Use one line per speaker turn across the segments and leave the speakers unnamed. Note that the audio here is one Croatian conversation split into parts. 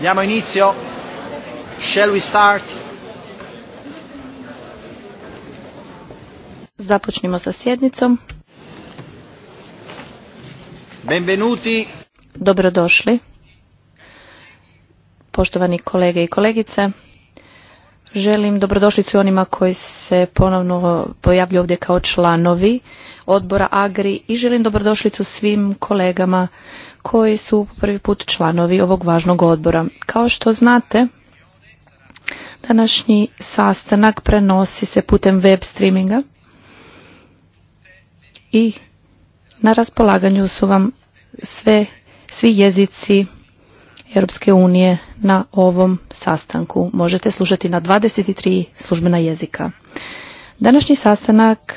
Diamo inizio. Shall we start? Započnimo sa sjednicom.
Benvenuti.
Dobrodošli. Poštovani kolege i kolegice, želim dobrodošlicu onima koji se ponovno pojavljuju ovdje kao članovi odbora Agri i želim dobrodošlicu svim kolegama koji su prvi put članovi ovog važnog odbora. Kao što znate, današnji sastanak prenosi se putem web streaminga i na raspolaganju su vam sve, svi jezici Europske unije na ovom sastanku. Možete slušati na 23 službena jezika. Današnji sastanak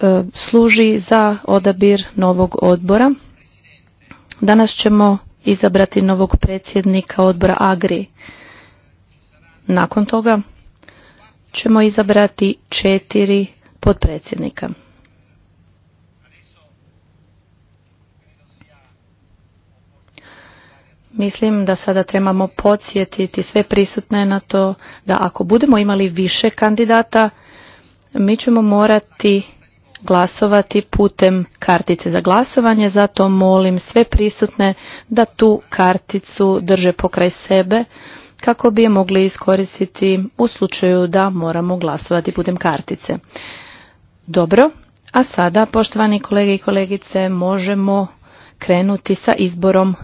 e, služi za odabir novog odbora Danas ćemo izabrati novog predsjednika odbora Agri. Nakon toga ćemo izabrati četiri potpredsjednika. Mislim da sada trebamo podsjetiti sve prisutne na to da ako budemo imali više kandidata, mi ćemo morati glasovati putem kartice za glasovanje, zato molim sve prisutne da tu karticu drže pokraj sebe kako bi je mogli iskoristiti u slučaju da moramo glasovati putem kartice. Dobro, a sada, poštovani kolege i kolegice, možemo krenuti sa izborom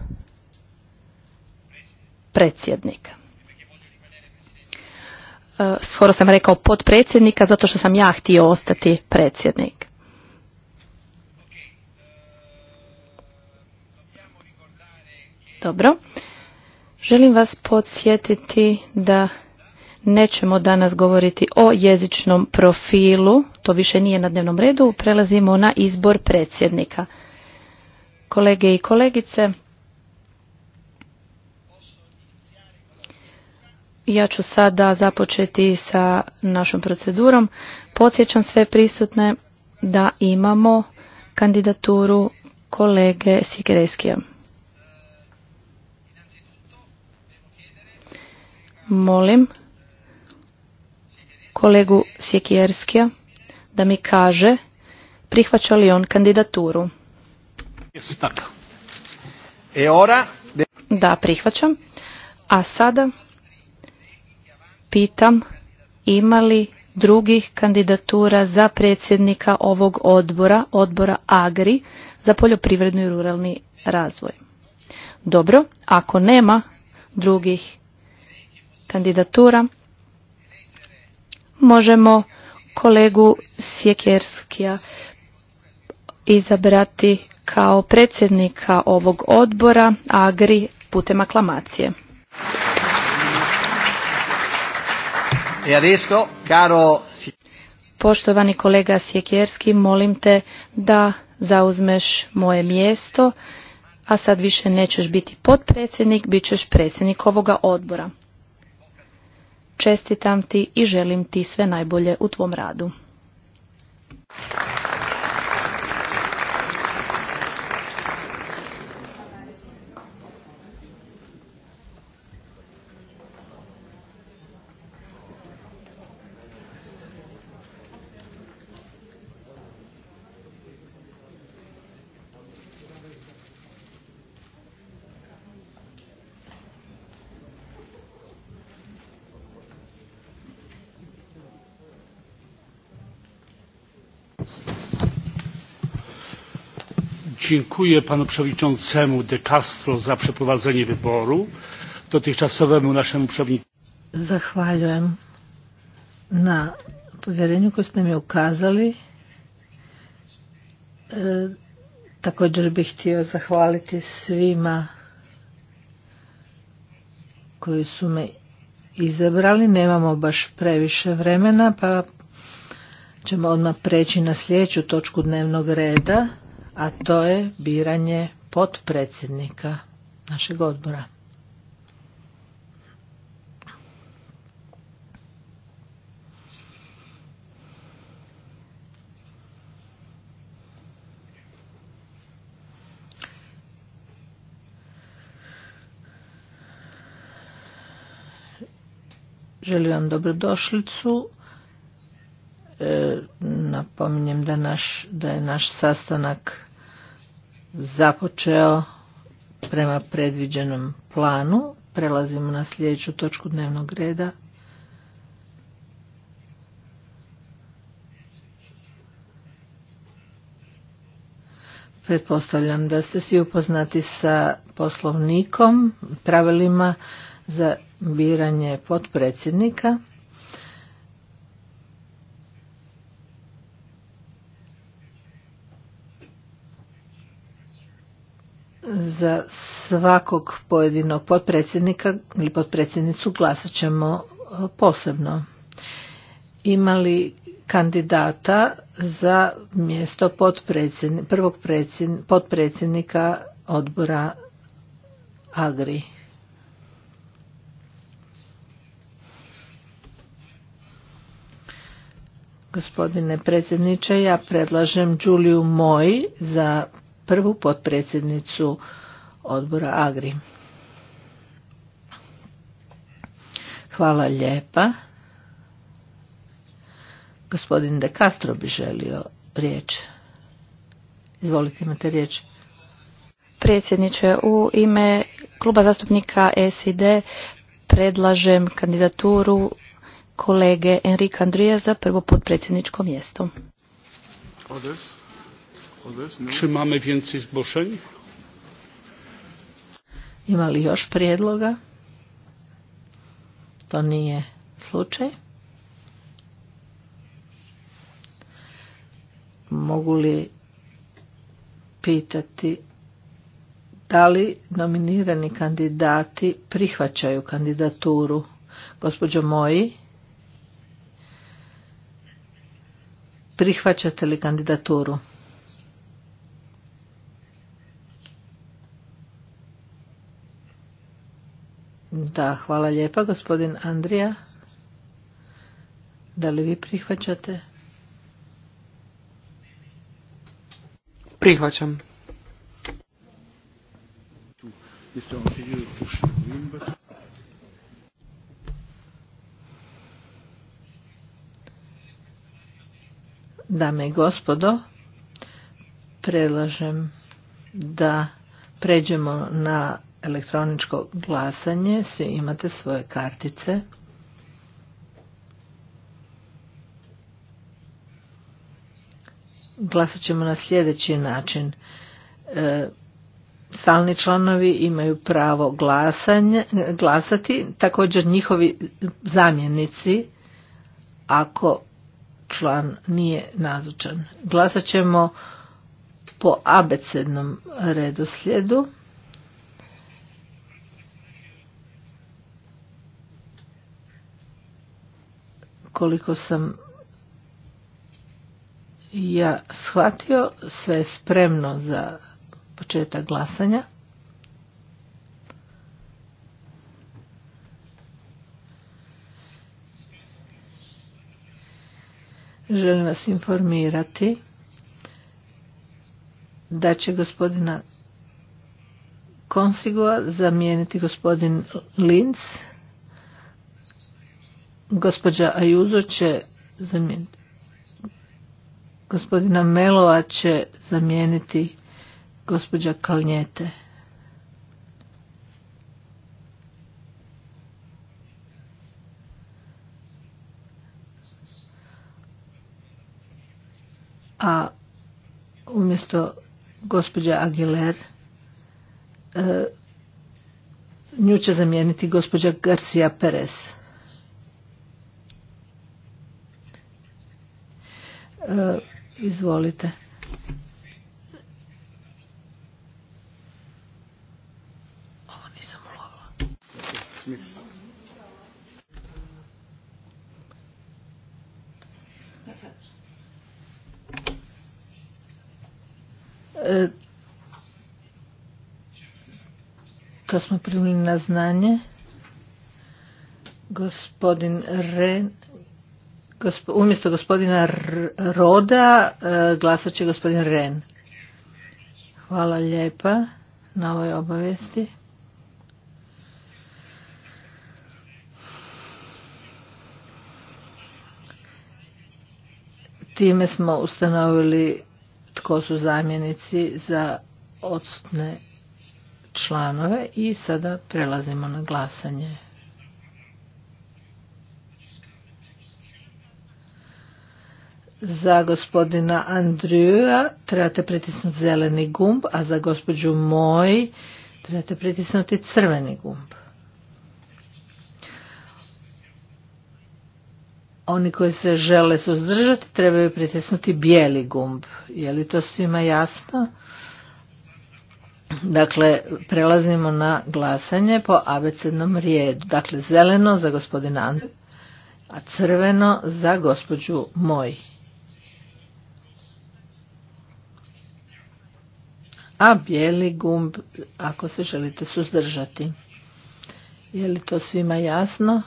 predsjednika. E, skoro sam rekao potpredsjednika zato što sam ja htio ostati predsjednik. Dobro. Želim vas podsjetiti da nećemo danas govoriti o jezičnom profilu, to više nije na dnevnom redu, prelazimo na izbor predsjednika. Kolege i kolegice, ja ću sada započeti sa našom procedurom. Podsjećam sve prisutne da imamo kandidaturu kolege Sikereskija. molim kolegu Sjekijerskija da mi kaže prihvaća li on kandidaturu. E, da, prihvaćam. A sada pitam ima li drugih kandidatura za predsjednika ovog odbora, odbora AGRI, za poljoprivredni i ruralni razvoj. Dobro, ako nema drugih kandidatura možemo kolegu Sjekerskija izabrati kao predsjednika ovog odbora Agri putem aklamacije. E Poštovani kolega Sjekerski, molim te da zauzmeš moje mjesto, a sad više nećeš biti potpredsjednik, bit ćeš predsjednik ovoga odbora čestitam ti i želim ti sve najbolje u tvom radu. dziękuję panu przewodniczącemu de castro za przeprowadzenie wyboru dotychczasowemu naszemu przewodniczącemu
zahvaljujem na povjerenju koje ukazali e, također bih htio zahvaliti svima koji su me izabrali nemamo baš previše vremena pa ćemo odmah preći na sljedeću točku dnevnog reda a to je biranje potpredsjednika našeg odbora. Želim vam dobrodošlicu napominjem da, naš, da je naš sastanak započeo prema predviđenom planu. Prelazimo na sljedeću točku dnevnog reda. Pretpostavljam da ste svi upoznati sa poslovnikom, pravilima za biranje potpredsjednika. za svakog pojedinog potpredsjednika ili potpredsjednicu glasat ćemo e, posebno. Ima li kandidata za mjesto prvog potpredsjednika odbora Agri? Gospodine predsjedniče, ja predlažem Đuliju Moj za prvu potpredsjednicu odbora Agri. Hvala lijepa. Gospodin De Castro bi želio riječ. Izvolite, imate riječ.
Predsjedniče, u ime kluba zastupnika SID predlažem kandidaturu kolege Enrika Andrija za prvo potpredsjedničko mjesto. Odes? Odes? No. Czy mamy więcej ima li još
prijedloga? To nije slučaj. Mogu li pitati da li nominirani kandidati prihvaćaju kandidaturu? Gospođo Moji, prihvaćate li kandidaturu? Da, hvala lijepa. Gospodin Andrija, da li vi prihvaćate?
Prihvaćam.
Dame i gospodo, predlažem da pređemo na elektroničko glasanje. Svi imate svoje kartice. Glasat ćemo na sljedeći način. E, stalni članovi imaju pravo glasati, također njihovi zamjenici ako član nije nazočan. Glasat ćemo po abecednom redoslijedu. koliko sam ja shvatio, sve je spremno za početak glasanja. Želim vas informirati da će gospodina Konsigua zamijeniti gospodin Linz. Gospođa Ajuzo će zamijeniti. Gospodina Melova će zamijeniti gospođa Kalnjete. A umjesto gospođa Aguiler e, nju će zamijeniti gospođa Garcia Perez. Izvolite. Ovo nisam ulovila. E, to smo primili na znanje. Gospodin Ren umjesto gospodina Roda e, glasat će gospodin Ren. Hvala lijepa na ovoj obavijesti. Time smo ustanovili tko su zamjenici za odsutne članove i sada prelazimo na glasanje. za gospodina Andrija trebate pritisnuti zeleni gumb, a za gospođu Moj trebate pritisnuti crveni gumb. Oni koji se žele suzdržati trebaju pritisnuti bijeli gumb. Je li to svima jasno? Dakle, prelazimo na glasanje po abecednom rijedu. Dakle, zeleno za gospodina Andrija, a crveno za gospođu Moj. a bijeli gumb ako se želite suzdržati. Je li to svima jasno?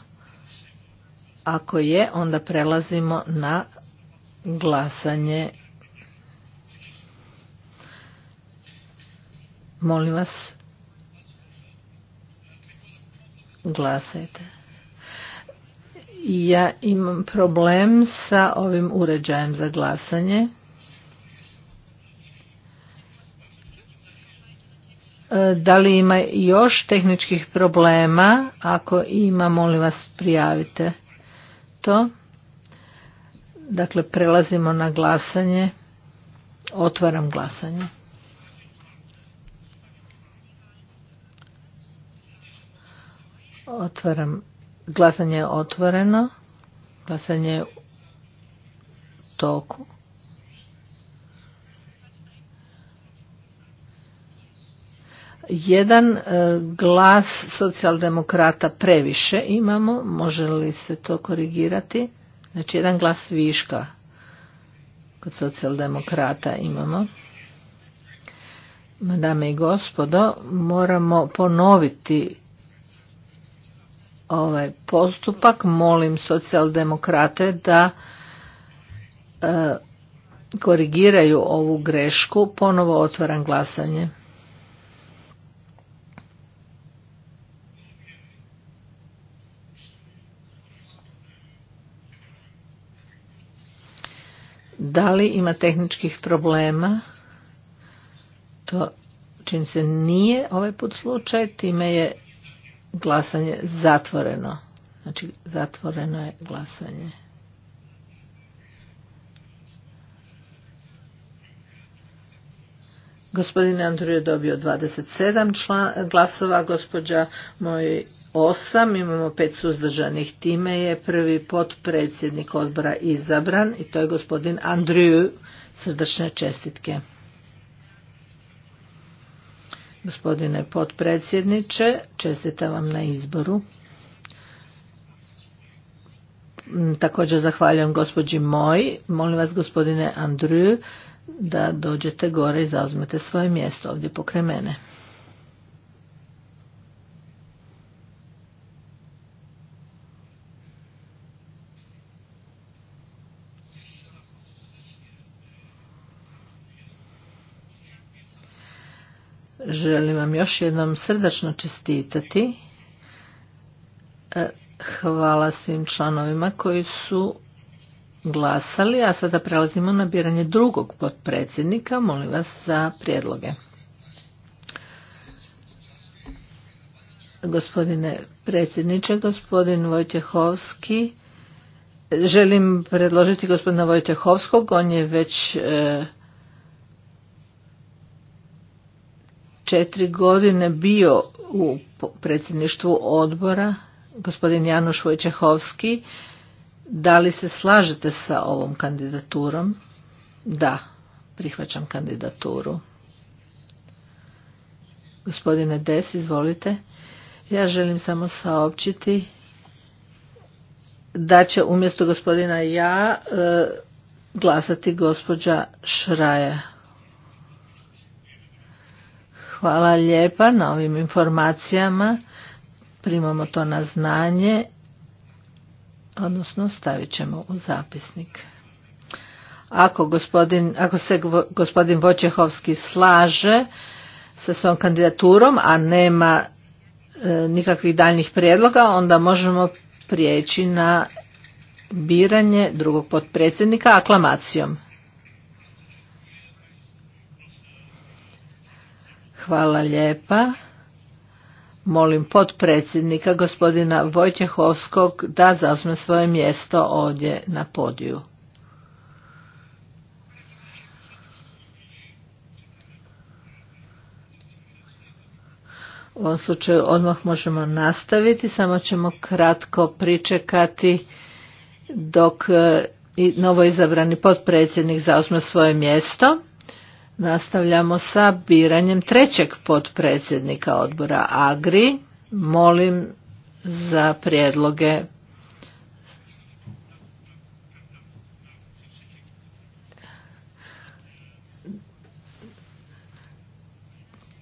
Ako je, onda prelazimo na glasanje. Molim vas, glasajte. Ja imam problem sa ovim uređajem za glasanje. E, da li ima još tehničkih problema? Ako ima, molim vas, prijavite to. Dakle, prelazimo na glasanje. Otvaram glasanje. Otvaram. Glasanje je otvoreno. Glasanje je u toku. Jedan e, glas socijaldemokrata previše imamo, može li se to korigirati? Znači jedan glas viška kod socijaldemokrata imamo. Dame i gospodo, moramo ponoviti ovaj postupak. Molim socijaldemokrate da e, korigiraju ovu grešku. Ponovo otvaram glasanje. Da li ima tehničkih problema? To čim se nije ovaj put slučaj, time je glasanje zatvoreno. Znači zatvoreno je glasanje. Gospodin Andriju je dobio 27 član, glasova, gospođa moj 8, imamo pet suzdržanih. Time je prvi potpredsjednik odbora izabran i to je gospodin Andriju. Srdačne čestitke. Gospodine potpredsjedniče, čestitam vam na izboru. Mm, također zahvaljujem gospođi Moj. Molim vas gospodine Andriju da dođete gore i zauzmete svoje mjesto ovdje pokraj mene. Želim vam još jednom srdačno čestitati e, Hvala svim članovima koji su glasali, a sada prelazimo na biranje drugog potpredsjednika. Molim vas za prijedloge. Gospodine predsjedniče, gospodin Vojtehovski, želim predložiti gospodina Vojtehovskog, on je već e, četiri godine bio u predsjedništvu odbora gospodin Januš Vojčehovski. Da li se slažete sa ovom kandidaturom? Da, prihvaćam kandidaturu. Gospodine Des, izvolite. Ja želim samo saopćiti da će umjesto gospodina ja e, glasati gospođa Šraja. Hvala lijepa na ovim informacijama primamo to na znanje, odnosno stavit ćemo u zapisnik. Ako, gospodin, ako se gospodin Vočehovski slaže sa svom kandidaturom, a nema e, nikakvih daljnjih prijedloga, onda možemo prijeći na biranje drugog potpredsjednika aklamacijom. Hvala lijepa molim potpredsjednika gospodina Vojtjehovskog da zauzme svoje mjesto ovdje na podiju. U ovom slučaju odmah možemo nastaviti, samo ćemo kratko pričekati dok e, novoizabrani potpredsjednik zauzme svoje mjesto. Nastavljamo sa biranjem trećeg potpredsjednika odbora Agri. Molim za prijedloge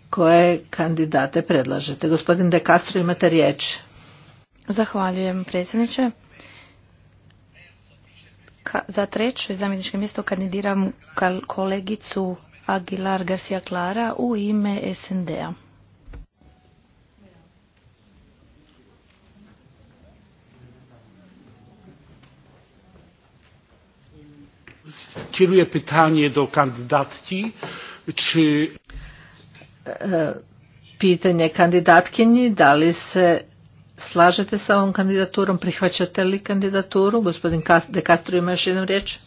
koje kandidate predlažete. Gospodin De Castro, imate
riječ. Zahvaljujem predsjedniče. za treće zamjeničko mjesto kandidiram kolegicu Aguilar Garcia Clara u ime SND-a. Kieruję pytanie do kandydatki,
czy... E, pitanje kandidatkinji, da li se slažete sa ovom kandidaturom, prihvaćate li kandidaturu? Gospodin De Castro ima još jednu riječ.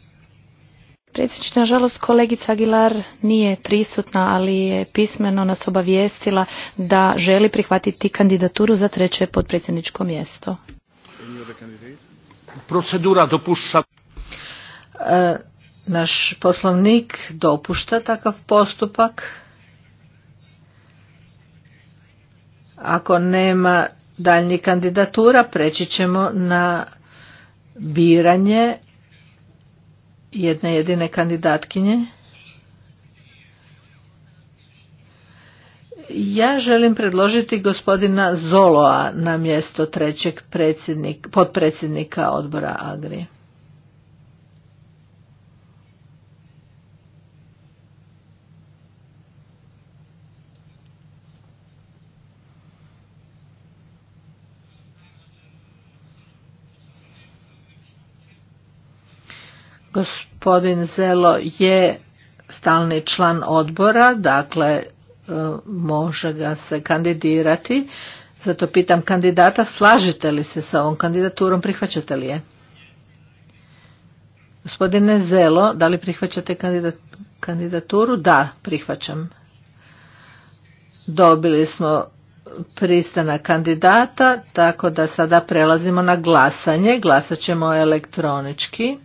Predsjedniče, nažalost kolegica Aguilar nije prisutna, ali je pismeno nas obavijestila da želi prihvatiti kandidaturu za treće podpredsjedničko mjesto. Procedura dopušta.
E, naš poslovnik dopušta takav postupak. Ako nema daljnjih kandidatura, preći ćemo na biranje jedne jedine kandidatkinje. Ja želim predložiti gospodina Zoloa na mjesto trećeg potpredsjednika odbora Agri. Gospodin Zelo je stalni član odbora, dakle e, može ga se kandidirati. Zato pitam kandidata, slažete li se sa ovom kandidaturom, prihvaćate li je? Gospodine Zelo, da li prihvaćate kandidaturu? Da, prihvaćam. Dobili smo pristana kandidata, tako da sada prelazimo na glasanje. Glasat ćemo elektronički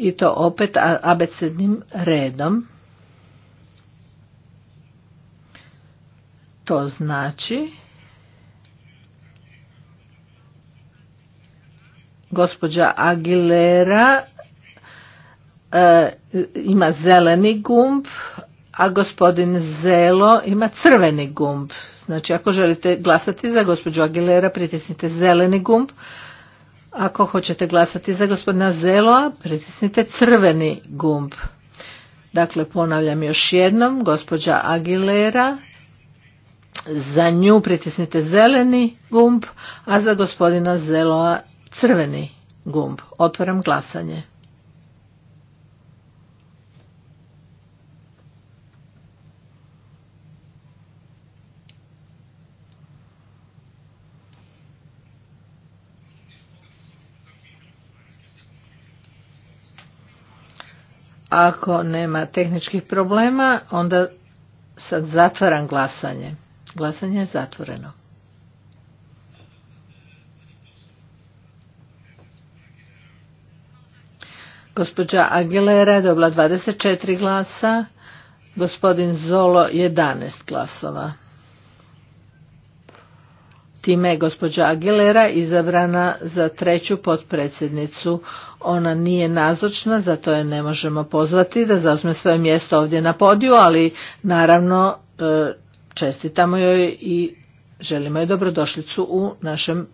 i to opet abecednim redom. To znači gospođa Aguilera e, ima zeleni gumb, a gospodin Zelo ima crveni gumb. Znači ako želite glasati za gospođu Aguilera pritisnite zeleni gumb, ako hoćete glasati za gospodina Zeloa, pritisnite crveni gumb. Dakle, ponavljam još jednom, gospođa Aguilera, za nju pritisnite zeleni gumb, a za gospodina Zeloa crveni gumb. Otvaram glasanje. Ako nema tehničkih problema, onda sad zatvaram glasanje. Glasanje je zatvoreno. Gospođa Aguilera je dobila 24 glasa, gospodin Zolo 11 glasova. Time je gospođa Aguilera izabrana za treću potpredsjednicu. Ona nije nazočna, zato je ne možemo pozvati da zauzme svoje mjesto ovdje na podiju, ali naravno e, čestitamo joj i želimo joj dobrodošlicu u našem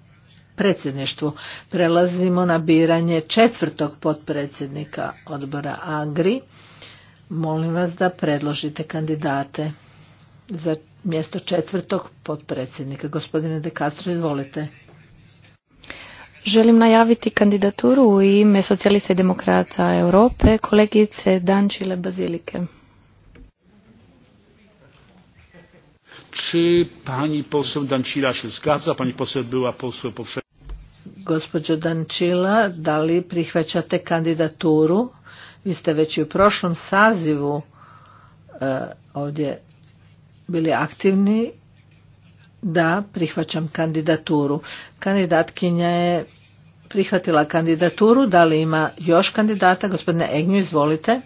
predsjedništvu. Prelazimo na biranje četvrtog potpredsjednika odbora Agri. Molim vas da predložite kandidate za mjesto četvrtog potpredsjednika. Gospodine De Castro, izvolite.
Želim najaviti kandidaturu u ime socijalista i demokrata Europe, kolegice Dančile Bazilike. Czy pani poseł Dancila się zgadza? Pani poseł była
Gospođo Dančila, da li prihvaćate kandidaturu? Vi ste već i u prošlom sazivu e, ovdje bili aktivni da prihvaćam kandidaturu. Kandidatkinja je prihvatila kandidaturu. Da li ima još kandidata? Gospodine Egnju, izvolite.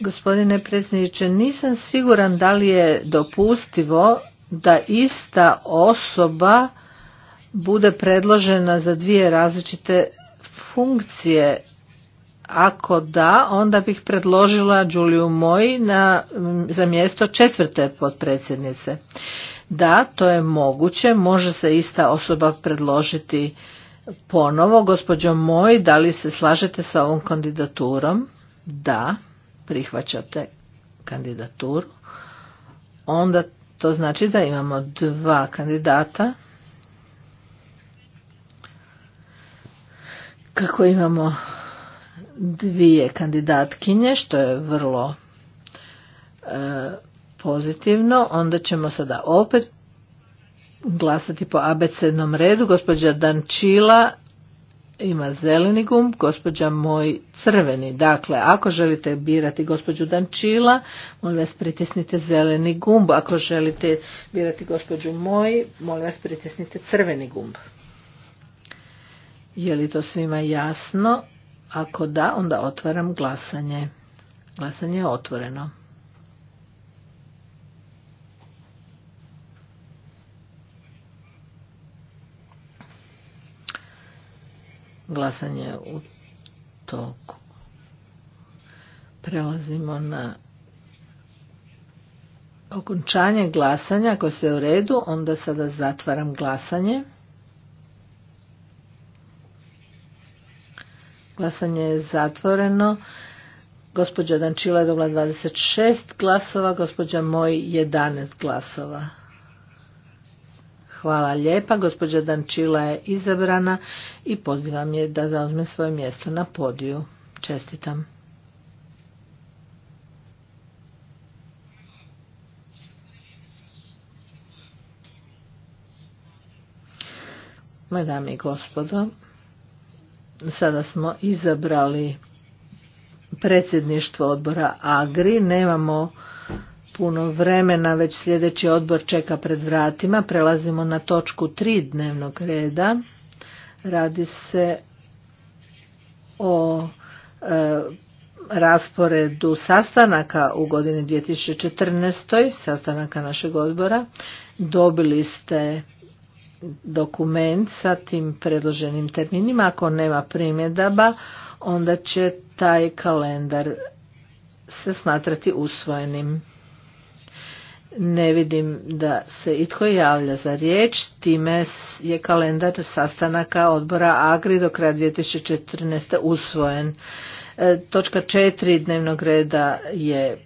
Gospodine predsjedniče, nisam siguran da li je dopustivo da ista osoba bude predložena za dvije različite funkcije ako da, onda bih predložila Đuliju Moji na, za mjesto četvrte potpredsjednice. Da, to je moguće, može se ista osoba predložiti ponovo. Gospodjo Moji, da li se slažete sa ovom kandidaturom? Da, prihvaćate kandidaturu. Onda to znači da imamo dva kandidata. Kako imamo dvije kandidatkinje, što je vrlo e, pozitivno. Onda ćemo sada opet glasati po abecednom redu. Gospođa Dančila ima zeleni gumb, gospođa moj crveni. Dakle, ako želite birati gospođu Dančila, molim vas pritisnite zeleni gumb. Ako želite birati gospođu moj, molim vas pritisnite crveni gumb. Je li to svima jasno? Ako da, onda otvaram glasanje. Glasanje je otvoreno. Glasanje je u toku. Prelazimo na okončanje glasanja. Ako se u redu, onda sada zatvaram glasanje. Glasanje je zatvoreno. Gospođa Dančila je dobila 26 glasova, gospođa Moj 11 glasova. Hvala lijepa, gospođa Dančila je izabrana i pozivam je da zauzme svoje mjesto na podiju. Čestitam. Moje dame i gospodo, sada smo izabrali predsjedništvo odbora Agri, nemamo puno vremena, već sljedeći odbor čeka pred vratima. Prelazimo na točku tri dnevnog reda. Radi se o e, rasporedu sastanaka u godini 2014. sastanaka našeg odbora. Dobili ste dokument sa tim predloženim terminima. Ako nema primjedaba, onda će taj kalendar se smatrati usvojenim. Ne vidim da se itko javlja za riječ, time je kalendar sastanaka odbora Agri do kraja 2014. usvojen. E, točka četiri dnevnog reda je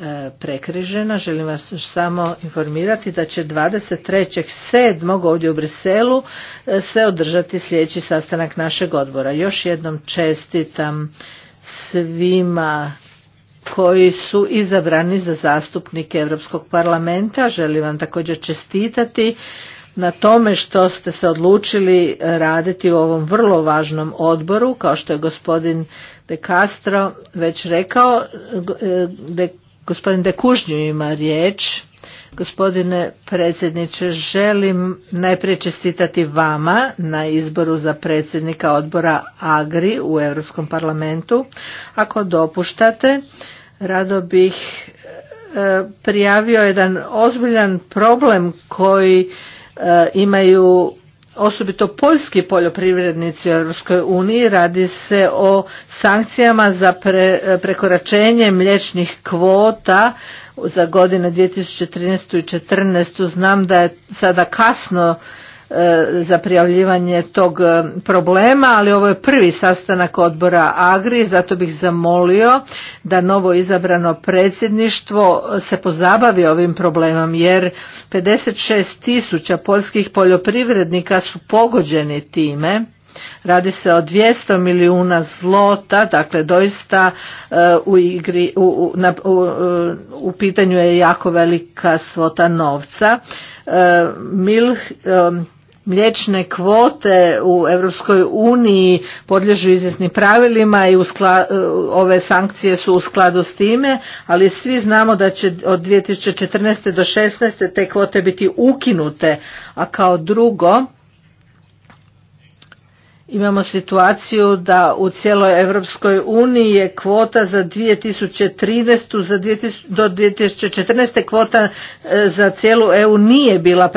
E, prekrižena. Želim vas samo informirati da će 23.7. ovdje u Briselu e, se održati sljedeći sastanak našeg odbora. Još jednom čestitam svima koji su izabrani za zastupnike Europskog parlamenta. Želim vam također čestitati na tome što ste se odlučili raditi u ovom vrlo važnom odboru, kao što je gospodin De Castro već rekao, e, De Gospodin Kužnju ima riječ. Gospodine predsjedniče, želim najprije čestitati vama na izboru za predsjednika odbora AGRI u Europskom parlamentu. Ako dopuštate, rado bih e, prijavio jedan ozbiljan problem koji e, imaju osobito poljski poljoprivrednici u Europskoj uniji radi se o sankcijama za prekoračenje mliječnih kvota za godine 2013. i 2014. Znam da je sada kasno E, za prijavljivanje tog e, problema, ali ovo je prvi sastanak odbora Agri, zato bih zamolio da novo izabrano predsjedništvo se pozabavi ovim problemom, jer 56 tisuća poljskih poljoprivrednika su pogođeni time. Radi se o 200 milijuna zlota, dakle doista e, u, igri, u, na, u pitanju je jako velika svota novca. Milh, mliječne kvote u Europskoj uniji podlježu izvjesnim pravilima i e, ove sankcije su u skladu s time, ali svi znamo da će od 2014. do 2016. te kvote biti ukinute, a kao drugo Imamo situaciju da u cijeloj Europskoj uniji je kvota za 2013. Za 2000, do 2014. kvota e, za cijelu EU nije bila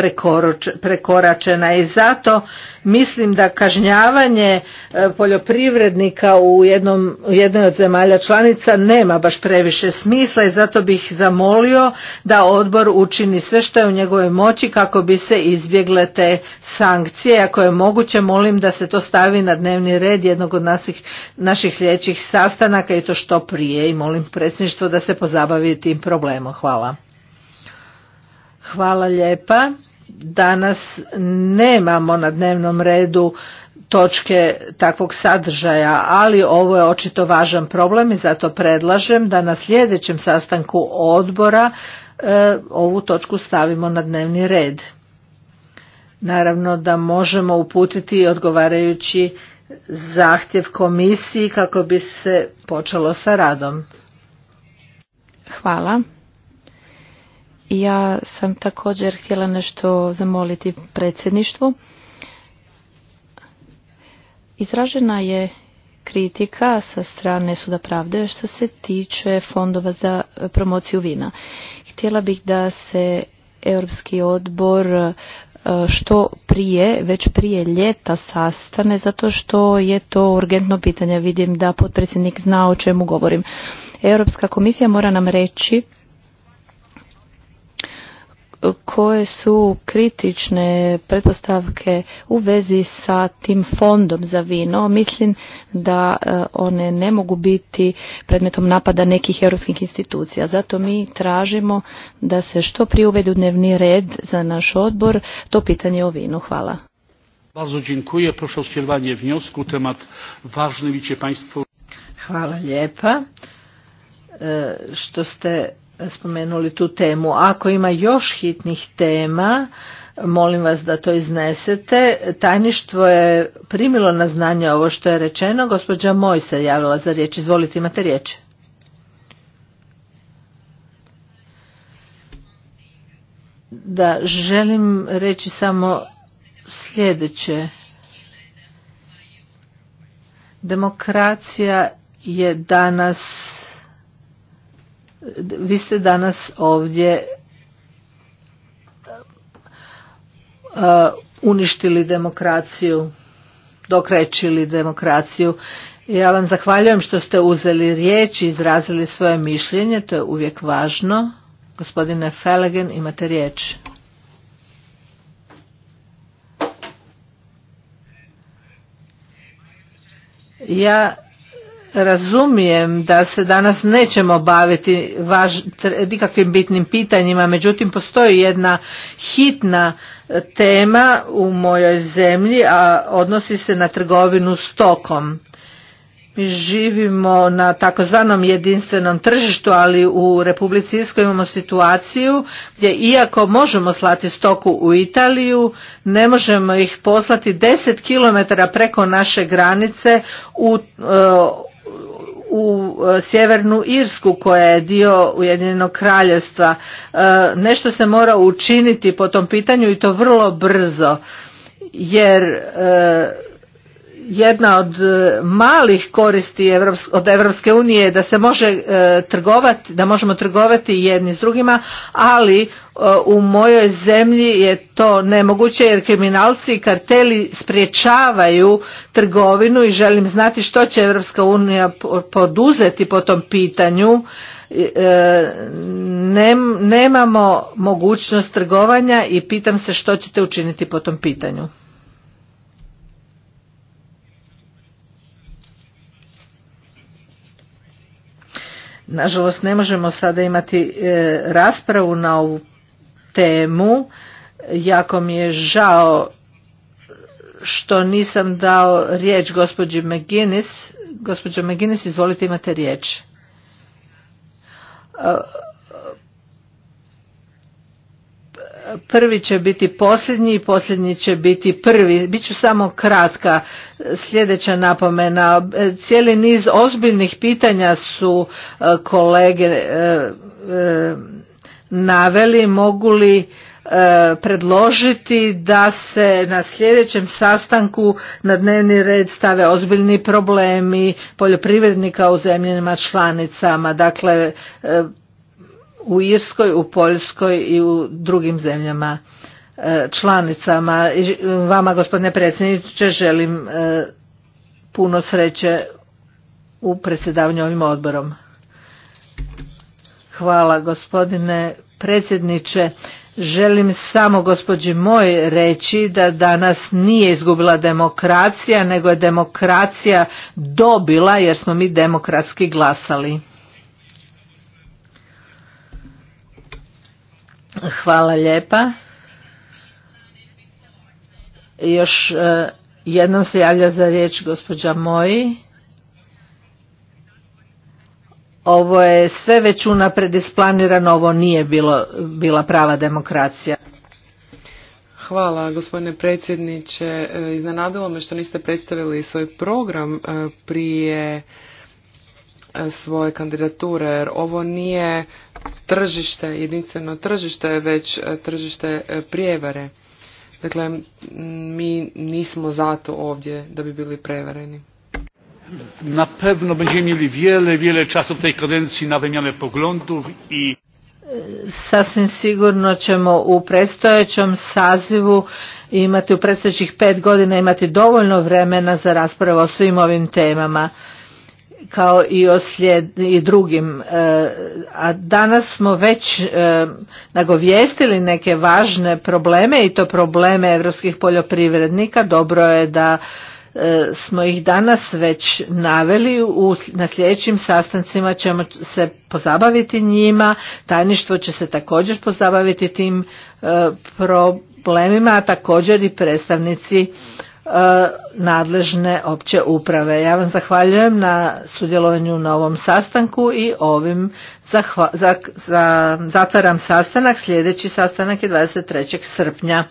prekoračena i zato Mislim da kažnjavanje e, poljoprivrednika u, jednom, jednoj od zemalja članica nema baš previše smisla i zato bih zamolio da odbor učini sve što je u njegovoj moći kako bi se izbjegle te sankcije. Ako je moguće, molim da se to stavi na dnevni red jednog od nasih, naših sljedećih sastanaka i to što prije i molim predsjedništvo da se pozabavi tim problemom. Hvala. Hvala lijepa danas nemamo na dnevnom redu točke takvog sadržaja, ali ovo je očito važan problem i zato predlažem da na sljedećem sastanku odbora e, ovu točku stavimo na dnevni red. Naravno da možemo uputiti odgovarajući zahtjev komisiji kako bi se počelo sa radom.
Hvala. Ja sam također htjela nešto zamoliti predsjedništvu. Izražena je kritika sa strane Suda pravde što se tiče fondova za promociju vina. Htjela bih da se Europski odbor e, što prije, već prije ljeta sastane, zato što je to urgentno pitanje. Vidim da potpredsjednik zna o čemu govorim. Europska komisija mora nam reći koje su kritične pretpostavke u vezi sa tim fondom za vino. Mislim da e, one ne mogu biti predmetom napada nekih europskih institucija. Zato mi tražimo da se što prije uvede u dnevni red za naš odbor to pitanje o vinu. Hvala. Bardzo dziękuję. Proszę o skierowanie wniosku. Temat ważny, widzicie Państwo.
Hvala lijepa e, što ste spomenuli tu temu. Ako ima još hitnih tema, molim vas da to iznesete. Tajništvo je primilo na znanje ovo što je rečeno. Gospođa Moj se javila za riječ. Izvolite, imate riječ. Da, želim reći samo sljedeće. Demokracija je danas vi ste danas ovdje e, uništili demokraciju, dokrećili demokraciju. Ja vam zahvaljujem što ste uzeli riječ i izrazili svoje mišljenje, to je uvijek važno. Gospodine Felegen, imate riječ. Ja Razumijem da se danas nećemo baviti važ, nikakvim bitnim pitanjima, međutim postoji jedna hitna e, tema u mojoj zemlji, a odnosi se na trgovinu stokom. Mi živimo na takozvanom jedinstvenom tržištu, ali u Republici Irskoj imamo situaciju gdje iako možemo slati stoku u Italiju, ne možemo ih poslati 10 km preko naše granice u e, u e, sjevernu Irsku koja je dio Ujedinjenog kraljevstva. E, nešto se mora učiniti po tom pitanju i to vrlo brzo jer e, jedna od e, malih koristi od Evropske unije da se može e, trgovati, da možemo trgovati jedni s drugima, ali e, u mojoj zemlji je to nemoguće jer kriminalci i karteli spriječavaju trgovinu i želim znati što će Evropska unija poduzeti po tom pitanju. Nemamo mogućnost trgovanja i pitam se što ćete učiniti po tom pitanju. Nažalost, ne možemo sada imati e, raspravu na ovu temu. Jako mi je žao što nisam dao riječ gospođi McGinnis. Gospođo McGinnis, izvolite imate riječ. prvi će biti posljednji i posljednji će biti prvi. Biću samo kratka sljedeća napomena. E, cijeli niz ozbiljnih pitanja su e, kolege e, naveli mogu li predložiti da se na sljedećem sastanku na dnevni red stave ozbiljni problemi poljoprivrednika u zemljama članicama. Dakle, u Irskoj, u Poljskoj i u drugim zemljama e, članicama. Vama, gospodine predsjedniče, želim e, puno sreće u predsjedavanju ovim odborom. Hvala, gospodine predsjedniče. Želim samo gospođi moj reći da danas nije izgubila demokracija, nego je demokracija dobila jer smo mi demokratski glasali. Hvala lijepa. Još e, jednom se javlja za riječ gospođa Moji. Ovo je sve već unapred isplanirano, ovo nije bila prava demokracija.
Hvala gospodine predsjedniče. E, iznenadilo me što niste predstavili svoj program e, prije svoje kandidature jer ovo nije tržište, jedinstveno tržište, već e, tržište e, prijevare. Dakle, mi nismo zato ovdje da bi bili prevareni. Na pewno będziemy mieli wiele, wiele czasu tej kadencji na wymianę poglądów i... E,
sasvim sigurno ćemo u predstojećem sazivu imati u predstojećih pet godina imati dovoljno vremena za raspravu o svim ovim temama kao i o i drugim. E, a danas smo već e, nagovijestili neke važne probleme i to probleme europskih poljoprivrednika. Dobro je da e, smo ih danas već naveli, u, na sljedećim sastancima ćemo se pozabaviti njima, tajništvo će se također pozabaviti tim problemima, a također i predstavnici E, nadležne opće uprave. Ja vam zahvaljujem na sudjelovanju na ovom sastanku i ovim za, zatvaram sastanak. Sljedeći sastanak je 23. srpnja.